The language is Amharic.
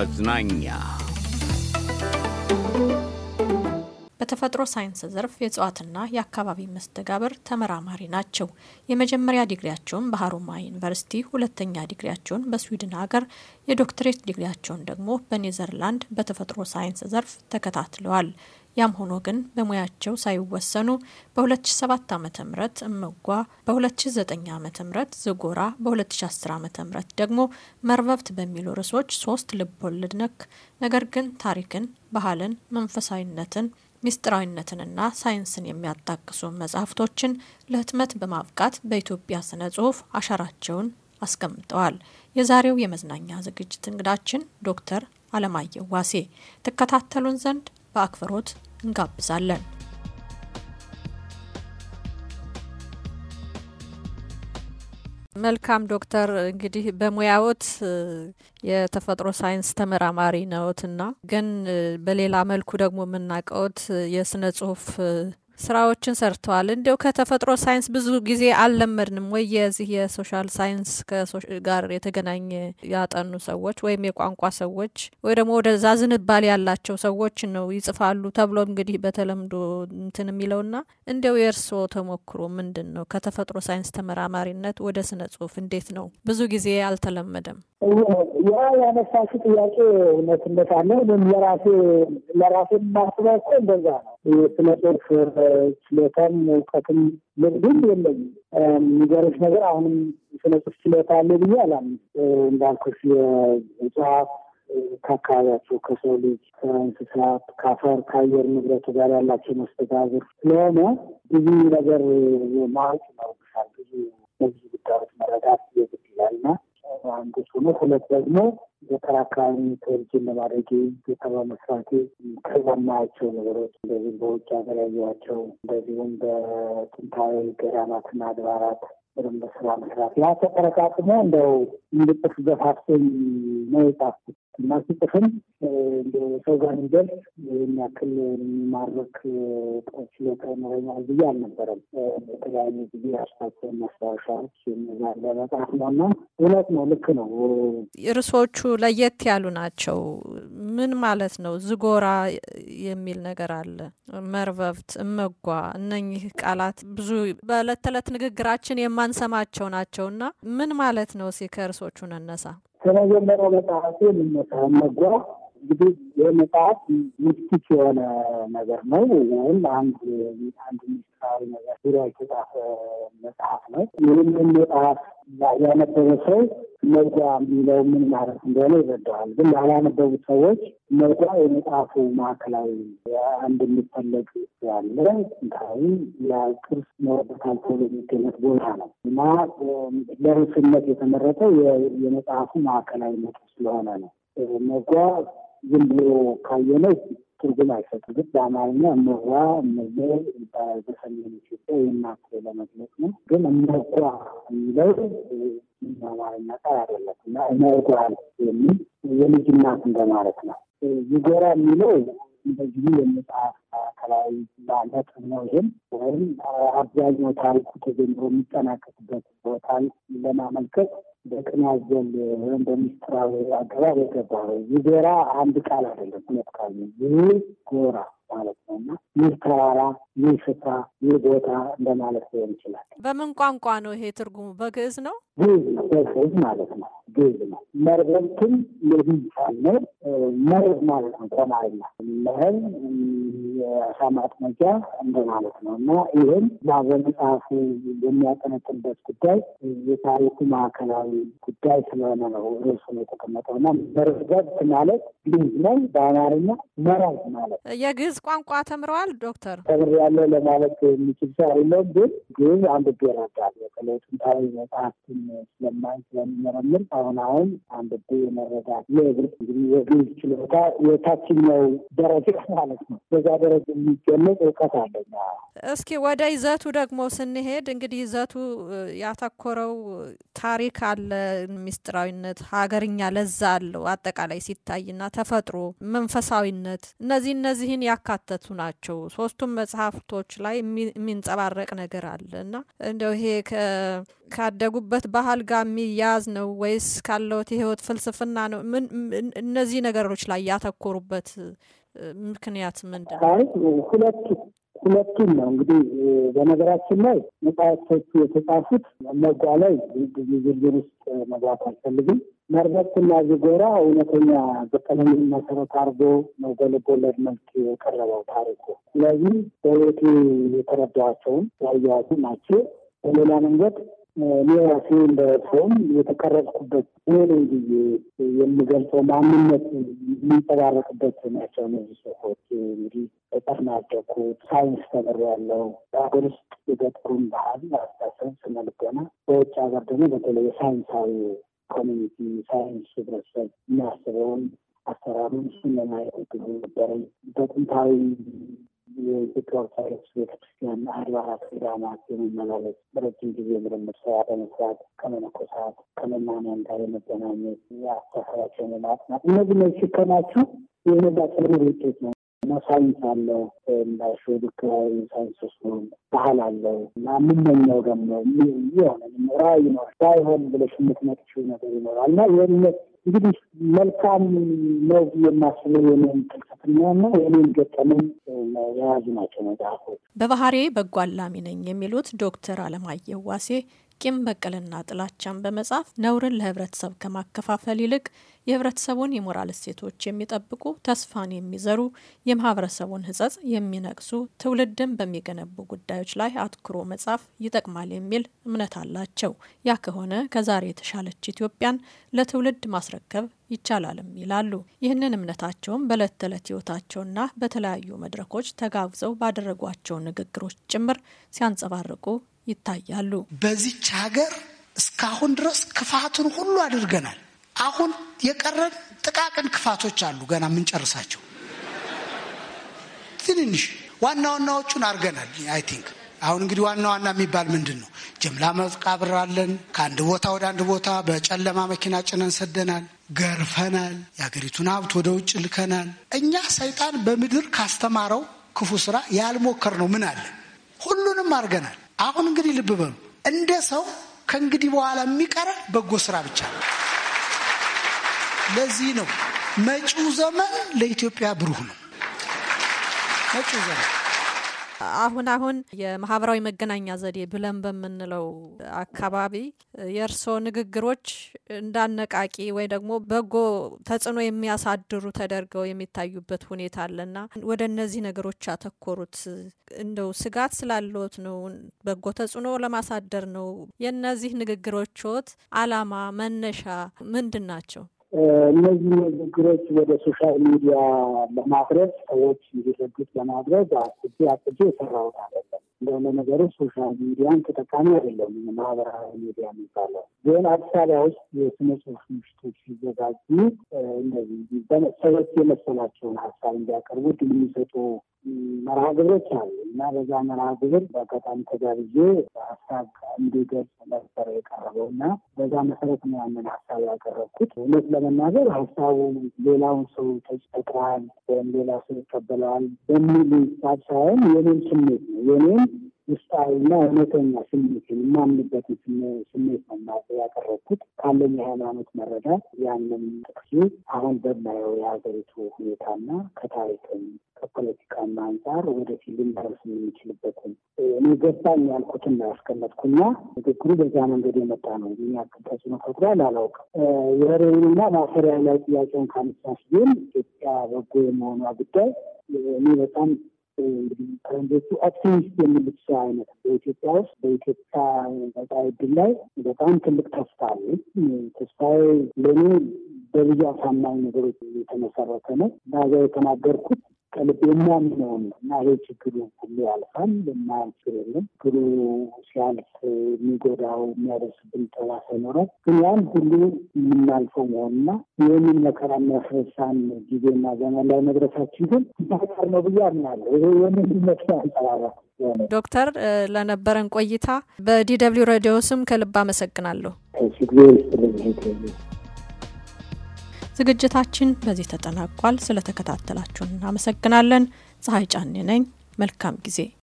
መዝናኛ በተፈጥሮ ሳይንስ ዘርፍ የእጽዋትና የአካባቢ መስተጋብር ተመራማሪ ናቸው። የመጀመሪያ ዲግሪያቸውን በሀሮማያ ዩኒቨርሲቲ፣ ሁለተኛ ዲግሪያቸውን በስዊድን ሀገር፣ የዶክትሬት ዲግሪያቸውን ደግሞ በኔዘርላንድ በተፈጥሮ ሳይንስ ዘርፍ ተከታትለዋል። ያም ሆኖ ግን በሙያቸው ሳይወሰኑ በ2007 ዓ ም እምጓ፣ በ2009 ዓ ም ዝጎራ፣ በ2010 ዓ ም ደግሞ መርበብት በሚሉ ርዕሶች ሶስት ልቦለድ ነክ ነገር ግን ታሪክን፣ ባህልን፣ መንፈሳዊነትን ሚስጥራዊነትንና ሳይንስን የሚያጣቅሱ መጽሐፍቶችን ለህትመት በማብቃት በኢትዮጵያ ስነ ጽሁፍ አሻራቸውን አስቀምጠዋል። የዛሬው የመዝናኛ ዝግጅት እንግዳችን ዶክተር አለማየሁ ዋሴ ትከታተሉን ዘንድ በአክብሮት እንጋብዛለን። መልካም ዶክተር፣ እንግዲህ በሙያዎት የተፈጥሮ ሳይንስ ተመራማሪ ነዎት ግን በሌላ መልኩ ደግሞ የምናውቀዎት የስነ ጽሁፍ ስራዎችን ሰርተዋል። እንዲው ከተፈጥሮ ሳይንስ ብዙ ጊዜ አልለመድንም ወይ የዚህ የሶሻል ሳይንስ ጋር የተገናኘ ያጠኑ ሰዎች ወይም የቋንቋ ሰዎች ወይ ደግሞ ወደዛ ዝንባል ያላቸው ሰዎች ነው ይጽፋሉ ተብሎ እንግዲህ በተለምዶ እንትን የሚለውና እንዲው የእርስዎ ተሞክሮ ምንድን ነው? ከተፈጥሮ ሳይንስ ተመራማሪነት ወደ ስነ ጽሁፍ እንዴት ነው? ብዙ ጊዜ አልተለመደም። ያ ያነሳሽ ጥያቄ እውነትነት አለ። የራሴ ለራሴ ማስበው እኮ እንደዛ ነው ስነ ጽሁፍ ችሎታም እውቀትም ልምድም የለኝም። የሚገርምሽ ነገር አሁንም ስነ ጽሁፍ ችሎታ አለ ብዬ አላም እንዳልኩሽ የእጽዋት ከአካባቢያቸው ከሰው ልጅ፣ ከእንስሳት፣ ከአፈር፣ ከአየር ንብረቱ ጋር ያላቸው መስተጋብር ስለሆነ ብዙ ነገር ማወቅ ይኖርብሻል። ብዙ በዚህ ጉዳዮች መረዳት የግድ ይላልና አንዱ ሆኖ ሁለት ደግሞ ገጠር አካባቢ ተወልጄ ለማድረጌ ቤተሰባ መስራቴ ከዛ ነገሮች እንደዚህም በውጭ ሀገር ያየኋቸው እንደዚሁም በጥንታዊ ገዳማትና አድባራት በደንብ ስራ መስራት ያ ተጠረቃቅሞ እንደው እንድጥፍ ገፋፍቶኝ ነው የጻፍኩት እና ሲጥፍም ሰው ጋር ሚደርስ ይህን ያክል የሚማርክ ችሎታ ይኖረኛል ብዬ አልነበረም። በተለያዩ ጊዜ ያስታቸውን ማስታወሻዎች እነዛን ለመጻፍ ነው እና እውነት ነው፣ ልክ ነው። እርሶቹ ለየት ያሉ ናቸው። ምን ማለት ነው? ዝጎራ የሚል ነገር አለ፣ መርበብት፣ እመጓ። እነኚህ ቃላት ብዙ በዕለት ተዕለት ንግግራችን የማ የማንሰማቸው እና ምን ማለት ነው? እስኪ ከእርሶቹን እነሳ ከመጀመሪያው መጽሐፍ ልነሳ መጓ እንግዲህ የመጽሐፍ ምስኪች የሆነ ነገር ነው ወይም አንድ አንድ ሚስጥራዊ ነገር ዙሪያ የተጻፈ መጽሐፍ ነው። ይህንን መጽሐፍ ያነበበ ሰው መጓ የሚለው ምን ማለት እንደሆነ ይረዳዋል። ግን ያላነበቡት ሰዎች መጓ የመጽሐፉ ማዕከላዊ አንድ የሚፈለግ ያለ ጥንታዊ የቅርስ ይኖርበታል ተብሎ የሚገመት ቦታ ነው እና ለርስነት የተመረጠ የመጽሐፉ ማዕከላዊነት ስለሆነ ነው። መጓ ዝም ብሎ ካየነው ትርጉም አይሰጥም። ግን በአማርኛ ምዋ ምል ይባላል። በሰሜን ኢትዮጵያ የእናት ለመግለጽ ነው። ግን እመጓ የሚለው በአማርኛ ቃል አይደለም እና እመጓ የሚል የልጅ እናት እንደማለት ነው። ይጎራ የሚለው እንደዚሁ የመጽሐፍ አካላዊ ማለት ነው። ይህም ወይም አብዛኛው ታሪኩ ተጀምሮ የሚጠናቀቅበት ቦታን ለማመልከት በቅን አዘል ወይም በሚስጥራዊ አገባብ የገባ ይጎራ አንድ ቃል አይደለም፣ ሁለት ቃል ነው። ይህ ጎራ ማለት ነው እና ይህ ተራራ፣ ይህ ስፍራ፣ ይህ ቦታ እንደማለት ሊሆን ይችላል። በምን ቋንቋ ነው ይሄ ትርጉሙ? በግዕዝ ነው። ግዕዝ ነው፣ በግዕዝ ማለት ነው። ግዕዝ ነው። መርበብትም ለዚህ ነው መርብ ማለት ነው። ተማሪና መህል የአሳ ማጥመጃ እንደማለት ነው እና ይህም በመጽሐፉ የሚያጠነጥንበት ጉዳይ የታሪኩ ማዕከላዊ ጉዳይ ስለሆነ ነው ርዕሱን የተቀመጠው እና መረጋገጥ ማለት ግዕዝ ነው በአማርኛ መራዝ ማለት የግዕዝ ቋንቋ ተምረዋል ዶክተር ተምር ያለ ለማለት የሚችል ሰው የለውም ግን ግዕዝ አንድ እረዳለሁ በተለይ ጥንታዊ መጽሐፍትን ስለማይ ስለሚመረምር አሁን አሁን አንብቤ መረዳት የእግር እንግዲህ የግዕዝ ችሎታ የታችኛው ደረጃ ማለት ነው በዛ ደረጃ የሚገለጽ እውቀት አለኛ እስኪ ወደ ይዘቱ ደግሞ ስንሄድ እንግዲህ ይዘቱ ያተኮረው ታሪክ አለ ምስጢራዊነት ሀገርኛ ለዛ አለው አጠቃላይ ሲታይና ተፈጥሮ፣ መንፈሳዊነት እነዚህ እነዚህን ያካተቱ ናቸው። ሶስቱም መጽሐፍቶች ላይ የሚንጸባረቅ ነገር አለ እና እንደው ይሄ ካደጉበት ባህል ጋር የሚያያዝ ነው ወይስ ካለውት የህይወት ፍልስፍና ነው? እነዚህ ነገሮች ላይ ያተኮሩበት ምክንያት ምንድን ነው? ሁለቱ ሁለቱም ነው እንግዲህ በነገራችን ላይ መጽሐፍቶቹ የተጻፉት መጓ ላይ ብዙ ዝርዝር ውስጥ መግባት አልፈልግም። መርበብትና ዝጎራ እውነተኛ በቀለምን መሰረት አድርጎ ነው በልቦለድ መልክ የቀረበው ታሪኩ። ስለዚህ በቤቱ የተረዳኋቸውም ያየኋቸው ናቸው። በሌላ መንገድ እኔ ራሴ እንደ ሰውም የተቀረጽኩበት ሆነ ብዬ የሚገልጸው ማንነት የሚንጸባረቅበት ናቸው እነዚህ ጽሁፎች። እንግዲህ ገጠር ነው ያደግኩት። ሳይንስ ተምሬያለሁ። በሀገር ውስጥ የገጠሩን ባህል፣ አስተሳሰብ፣ ስነ በውጭ ሀገር ደግሞ በተለይ የሳይንሳዊ ኮሚኒቲ ሳይንስ ህብረተሰብ የሚያስበውን አሰራሩን እሱን ለማየት ነበረኝ። በጥንታዊ የኢትዮጵያ ኦርቶዶክስ ቤተክርስቲያን አድባራት፣ ገዳማት የመመላለስ በረጅም ጊዜ ምርምር ስራ በመስራት ከመነኮሳት ከመናንያን ጋር የመገናኘት የአስተሳሰባቸውን የማጥናት እነዚህ ነው ሲከማችሁ የነዛ ጥልምር ውጤት ነው ሳይንስ አለ እንዳልሽው ልክ ሳይንስ ውስጥ ነው ባህል አለው እና የምመኘው ደግሞ የሆነ ምራ ይኖር ሳይሆን ብለሽ የምትመጪው ነገር ይኖራል እና የእምነት እንግዲህ መልካም ነው የማስበው የኔን ጥልቀትና ና የኔን ገጠምን የያዙ ናቸው መጽሐፎች። በባህሬ በጎ አላሚ ነኝ የሚሉት ዶክተር አለማየሁ ዋሴ ቂም በቀልና ጥላቻን በመጻፍ ነውርን ለህብረተሰብ ከማከፋፈል ይልቅ የህብረተሰቡን የሞራል እሴቶች የሚጠብቁ ተስፋን የሚዘሩ የማህበረሰቡን ህጸጽ የሚነቅሱ ትውልድን በሚገነቡ ጉዳዮች ላይ አትኩሮ መጻፍ ይጠቅማል የሚል እምነት አላቸው። ያ ከሆነ ከዛሬ የተሻለች ኢትዮጵያን ለትውልድ ማስረከብ ይቻላልም ይላሉ። ይህንን እምነታቸውን በዕለት ተዕለት ህይወታቸውና በተለያዩ መድረኮች ተጋብዘው ባደረጓቸው ንግግሮች ጭምር ሲያንጸባርቁ ይታያሉ። በዚች ሀገር እስካሁን ድረስ ክፋቱን ሁሉ አድርገናል። አሁን የቀረን ጥቃቅን ክፋቶች አሉ፣ ገና የምንጨርሳቸው ትንንሽ ዋና ዋናዎቹን አድርገናል። አይ ቲንክ አሁን እንግዲህ ዋና ዋና የሚባል ምንድን ነው? ጅምላ መቃብር አለን። ከአንድ ቦታ ወደ አንድ ቦታ በጨለማ መኪና ጭነን ሰደናል፣ ገርፈናል፣ የሀገሪቱን ሀብት ወደ ውጭ ልከናል። እኛ ሰይጣን በምድር ካስተማረው ክፉ ስራ ያልሞከር ነው ምን አለ? ሁሉንም አድርገናል። አሁን እንግዲህ ልብ በሉ እንደ ሰው ከእንግዲህ በኋላ የሚቀረ በጎ ስራ ብቻ ነው። ለዚህ ነው መጪው ዘመን ለኢትዮጵያ ብሩህ ነው። መጪው ዘመን አሁን አሁን የማህበራዊ መገናኛ ዘዴ ብለን በምንለው አካባቢ የእርስዎ ንግግሮች እንዳነቃቂ ወይ ደግሞ በጎ ተጽዕኖ የሚያሳድሩ ተደርገው የሚታዩበት ሁኔታ አለና ወደ እነዚህ ነገሮች ያተኮሩት እንደው ስጋት ስላለዎት ነው? በጎ ተጽዕኖ ለማሳደር ነው? የእነዚህ ንግግሮችዎት አላማ መነሻ ምንድን ናቸው? እነዚህ ንግግሮች ወደ ሶሻል ሚዲያ ለማድረግ ሰዎች እንዲረዱት ለማድረግ አቅጄ አቅጄ የሰራሁት አይደለም። እንደሆነ ነገሩ ሶሻል ሚዲያን ተጠቃሚ አይደለም። ማህበራዊ ሚዲያ የሚባለው ግን አዲስ አበባ ውስጥ የስነ ጽሁፍ ምሽቶች ሲዘጋጁ እነዚህ ሰዎች የመሰላቸውን ሀሳብ እንዲያቀርቡ ድል የሚሰጡ መርሃ ግብሮች አሉ እና በዛ መርሃ ግብር በአጋጣሚ ተጋብዤ ሀሳብ እንዲገልጽ ነበረ የቀረበው እና በዛ መሰረት ነው ያንን ሀሳብ ያቀረብኩት። እውነት ለመናገር ሀሳቡ ሌላውን ሰው ተጭጠቅራል ወይም ሌላ ሰው ይቀበለዋል በሚል ሳብ ሳይሆን የኔም ስሜት ነው የኔም ውስጣዊና እውነተኛ ስሜትን የማምንበትን ስሜት ነው ያቀረብኩት። ካለኝ የሃይማኖት መረዳ ያንም ጥቅሱ አሁን በማየው የሀገሪቱ ሁኔታና ከታሪክም ከፖለቲካም አንጻር ወደፊት ልንደርስ የምንችልበትን እኔ ገባኝ ያልኩትን ነው ያስቀመጥኩና ንግግሩ በዛ መንገድ የመጣ ነው። ምን ያክል ተጽዕኖ ፈጥሯል አላውቅም። የወሬውንና ማሰሪያ ላይ ጥያቄውን ካነሳሽ ግን ኢትዮጵያ በጎ የመሆኗ ጉዳይ እኔ በጣም እንግዲህ ፈረንጆቹ ኦፕቲሚስት የሚሉት ሰው አይነት በኢትዮጵያ ውስጥ በኢትዮጵያ ነጻ እድል ላይ በጣም ትልቅ ተስፋ አለ። ተስፋዬ ለእኔ በብዙ አሳማኝ ነገሮች የተመሰረተ ነው። ዛ የተናገርኩት ከልብ የሚያምነውን እና ይህ ችግሩ ሁሉ ያልፋል። የማያልፍ የለም። ችግሩ ሲያልፍ የሚጎዳው የሚያደርስብን ጠባሳ ይኖራል። ግን ያን ሁሉ የምናልፈው መሆንና ይህንን መከራ የሚያስረሳን ጊዜና ዘመን ላይ መድረሳችን ግን ባህር ነው ብዬ አምናለሁ። ይሄ የምን መስላ አንጸባራ ዶክተር ለነበረን ቆይታ በዲ ደብልዩ ሬዲዮ ስም ከልብ አመሰግናለሁ። ጊዜ ዝግጅታችን በዚህ ተጠናቋል። ስለተከታተላችሁን እናመሰግናለን። ፀሐይ ጫኔ ነኝ። መልካም ጊዜ